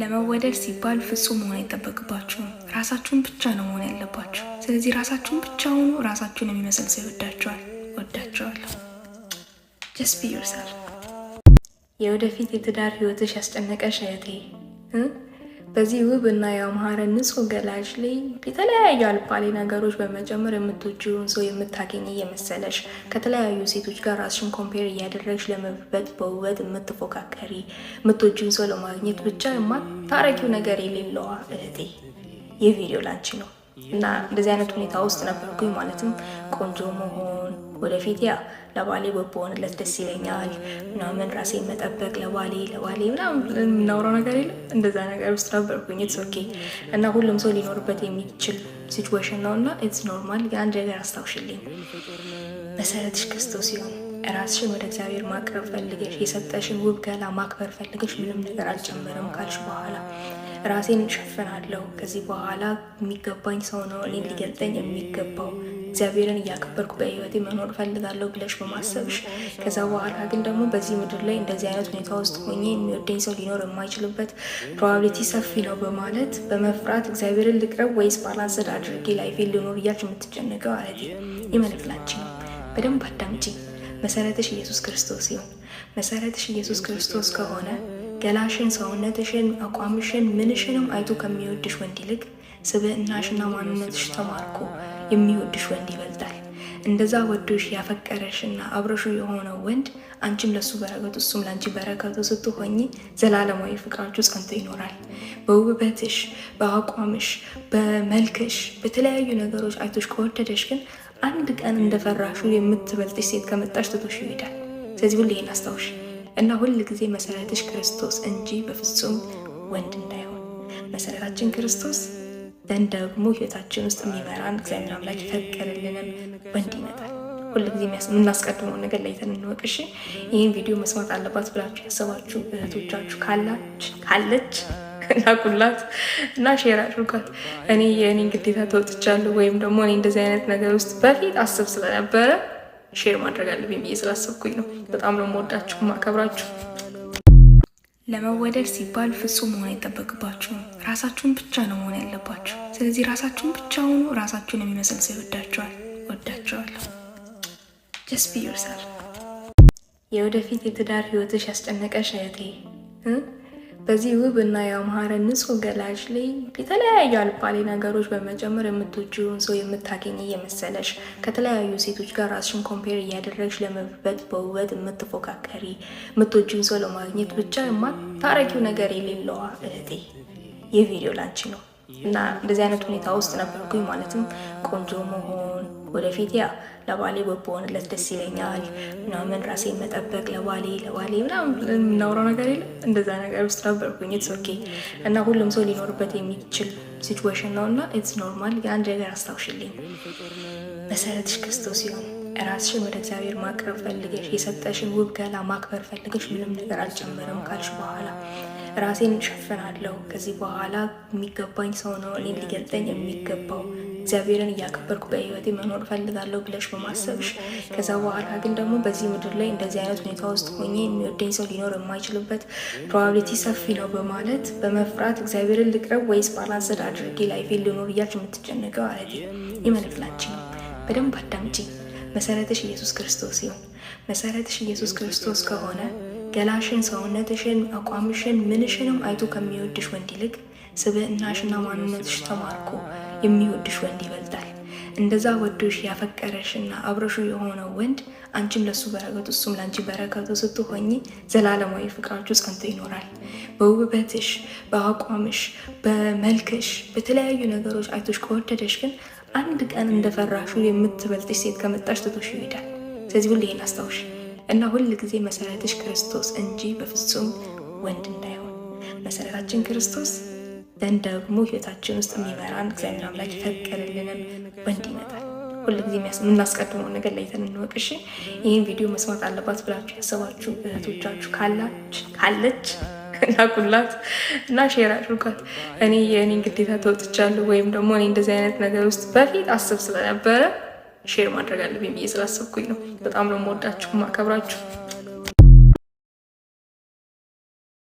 ለመወደድ ሲባል ፍጹም መሆን አይጠበቅባችሁም። ራሳችሁን ብቻ ነው መሆን ያለባችሁ። ስለዚህ ራሳችሁን ብቻ ሆኑ። ራሳችሁን የሚመስል ሰው ይወዳችኋል። ወዳችኋለሁ። ጀስት ቢ የወደፊት የትዳር ህይወትሽ ያስጨነቀሽ እህቴ በዚህ ውብ እና የአማረ ንጹህ ገላሽ ላይ የተለያዩ አልባሌ ነገሮች በመጨመር የምትወጂውን ሰው የምታገኝ እየመሰለሽ ከተለያዩ ሴቶች ጋር ራስሽን ኮምፔር እያደረግሽ ለመበት በውበት የምትፎካከሪ የምትወጂውን ሰው ለማግኘት ብቻ የማታረጊው ነገር የሌለዋ እህቴ ይህ ቪዲዮ ላንቺ ነው። እና እንደዚህ አይነት ሁኔታ ውስጥ ነበርኩኝ። ማለትም ቆንጆ መሆን ወደፊት ያ ለባሌ ውብ ደስ ይለኛል ምናምን ራሴ መጠበቅ ለባሌ ለባሌ ምናምን የምናውረው ነገር የለም እንደዛ ነገር ውስጥ ነበርኩኝ። ኢትስ ኦኬ እና ሁሉም ሰው ሊኖርበት የሚችል ሲትዌሽን ነው እና ኢትስ ኖርማል። የአንድ ነገር አስታውሽልኝ፣ መሰረትሽ ክርስቶስ ሲሆን ራስሽን ወደ እግዚአብሔር ማቅረብ ፈልገሽ የሰጠሽን ውብ ገላ ማክበር ፈልገሽ ምንም ነገር አልጨመረም ካልሽ በኋላ ራሴን እሸፍናለሁ። ከዚህ በኋላ የሚገባኝ ሰው ነው እኔን ሊገልጠኝ የሚገባው። እግዚአብሔርን እያከበርኩ በህይወቴ መኖር ፈልጋለሁ ብለሽ በማሰብሽ ከዛ በኋላ ግን ደግሞ በዚህ ምድር ላይ እንደዚህ አይነት ሁኔታ ውስጥ ሆኜ የሚወደኝ ሰው ሊኖር የማይችልበት ፕሮባብሊቲ ሰፊ ነው በማለት በመፍራት እግዚአብሔርን ልቅረብ ወይስ ባላንስድ አድርጌ ላይፌን ልኖር እያልሽ የምትጨነቀው አለት ነው። በደንብ አዳምጪ። መሰረትሽ ኢየሱስ ክርስቶስ ይሁን። መሰረትሽ ኢየሱስ ክርስቶስ ከሆነ ገላሽን፣ ሰውነትሽን፣ አቋምሽን፣ ምንሽንም አይቶ ከሚወድሽ ወንድ ይልቅ ስብዕናሽና ማንነትሽ ተማርኮ የሚወድሽ ወንድ ይበልጣል። እንደዛ ወዶሽ ያፈቀረሽና አብረሹ የሆነው ወንድ አንቺም ለሱ በረከቱ እሱም ለአንቺ በረከቱ ስትሆኝ ዘላለማዊ ፍቅራችሁ ጸንቶ ይኖራል። በውበትሽ፣ በአቋምሽ፣ በመልክሽ በተለያዩ ነገሮች አይቶሽ ከወደደሽ ግን አንድ ቀን እንደፈራሹ የምትበልጥሽ ሴት ከመጣሽ ትቶሽ ይሄዳል። ስለዚህ ሁሌ ይህን አስታውሽ። እና ሁል ጊዜ መሰረትሽ ክርስቶስ እንጂ በፍጹም ወንድ እንዳይሆን መሰረታችን ክርስቶስ ደን ደግሞ ህይወታችን ውስጥ የሚመራን እግዚአብሔር አምላክ ይፈቅርልንም ወንድ ይመጣል። ሁል ጊዜ የምናስቀድመው ነገር ለይተን እንወቅ። እሺ ይህን ቪዲዮ መስማት አለባት ብላችሁ ያሰባችሁ እህቶቻችሁ ካለች ላኩላት እና ሼር አድርጓት። እኔ የእኔን ግዴታ ተወጥቻለሁ ወይም ደግሞ እኔ እንደዚህ አይነት ነገር ውስጥ በፊት አስብ ስለነበረ ሼር ማድረግ አለብኝ ብዬ ስላሰብኩኝ ነው። በጣም ነው የምወዳችሁ ማከብራችሁ። ለመወደድ ሲባል ፍጹም መሆን አይጠበቅባችሁም። ራሳችሁን ብቻ ነው መሆን ያለባችሁ። ስለዚህ ራሳችሁን ብቻ ሆኑ። ራሳችሁን የሚመስል ሰው ይወዳቸዋል። ወዳቸዋለሁ። ጀስ ቢ ዮርሰልፍ። የወደፊት የትዳር ህይወትሽ ያስጨነቀሽ እህቴ በዚህ ውብ እና ያማረ ንጹህ ገላሽ ላይ የተለያዩ አልባሌ ነገሮች በመጨመር የምትወጂውን ሰው የምታገኝ እየመሰለሽ ከተለያዩ ሴቶች ጋር ራስሽን ኮምፔር እያደረግሽ ለመበት በውበት የምትፎካከሪ የምትወጂውን ሰው ለማግኘት ብቻ የማታረጊው ነገር የሌለዋ እህቴ ይህ ቪዲዮ ላንቺ ነው እና እንደዚህ አይነት ሁኔታ ውስጥ ነበርኩኝ። ማለትም ቆንጆ መሆን ወደፊት ያ ለባሌ ውብ በሆንለት ደስ ይለኛል ምናምን ራሴ መጠበቅ ለባሌ ለባሌ ምናምን የምናውረው ነገር የለም። እንደዛ ነገር ውስጥ ነበርኩኝ። ኢትስ ኦኬ እና ሁሉም ሰው ሊኖርበት የሚችል ሲትዌሽን ነው እና ኢትስ ኖርማል። የአንድ ነገር አስታውሽልኝ፣ መሰረትሽ ክርስቶስ ሲሆን ራስሽን ወደ እግዚአብሔር ማቅረብ ፈልገሽ የሰጠሽን ውብ ገላ ማክበር ፈልገሽ ምንም ነገር አልጨመረም ካልሽ በኋላ ራሴን እሸፍናለሁ ከዚህ በኋላ የሚገባኝ ሰው ነው እኔ ሊገልጠኝ የሚገባው እግዚአብሔርን እያከበርኩ በህይወቴ መኖር ፈልጋለሁ ብለሽ በማሰብሽ ከዛ በኋላ ግን ደግሞ በዚህ ምድር ላይ እንደዚህ አይነት ሁኔታ ውስጥ ሆኜ የሚወደኝ ሰው ሊኖር የማይችልበት ፕሮባብሊቲ ሰፊ ነው በማለት በመፍራት እግዚአብሔርን ልቅረብ ወይስ ባላንስድ አድርጌ ላይፌን ልኖር እያልሽ የምትጨነቀው ማለት ይህ ነው። በደንብ አዳምጪ። መሰረትሽ ኢየሱስ ክርስቶስ ይሁን። መሰረትሽ ኢየሱስ ክርስቶስ ከሆነ ገላሽን፣ ሰውነትሽን፣ አቋምሽን፣ ምንሽንም አይቶ ከሚወድሽ ወንድ ይልቅ ስብዕናሽና ማንነትሽ ተማርኩ የሚወድሽ ወንድ ይበልጣል። እንደዛ ወዶሽ ያፈቀረሽ እና አብረሹ የሆነው ወንድ አንቺም ለሱ በረከቱ እሱም ለአንቺ በረከቱ ስትሆኝ ዘላለማዊ ፍቅራችሁ ጸንቶ ይኖራል። በውበትሽ፣ በአቋምሽ፣ በመልክሽ፣ በተለያዩ ነገሮች አይቶች ከወደደሽ ግን አንድ ቀን እንደፈራሹ የምትበልጥሽ ሴት ከመጣሽ ትቶሽ ይሄዳል። ስለዚህ ሁሉ ይህን አስታውሽ እና ሁል ጊዜ መሰረትሽ ክርስቶስ እንጂ በፍጹም ወንድ እንዳይሆን መሰረታችን ክርስቶስ ደን ደግሞ ህይወታችን ውስጥ የሚመራን እግዚአብሔር አምላክ ይፈቅድልንም ወንድ ይመጣል። ሁልጊዜ የምናስቀድመው ነገር ለይተን እንወቅ። እሺ ይህን ቪዲዮ መስማት አለባት ብላችሁ ያሰባችሁ እህቶቻችሁ ካላች ካለች ላኩላት እና ሼር አድርጓት። እኔ የእኔን ግዴታ ተወጥቻለሁ ወይም ደግሞ እኔ እንደዚህ አይነት ነገር ውስጥ በፊት አስብ ስለነበረ ሼር ማድረግ አለብኝ ብዬ ስላሰብኩኝ ነው። በጣም ነው የምወዳችሁ ማከብራችሁ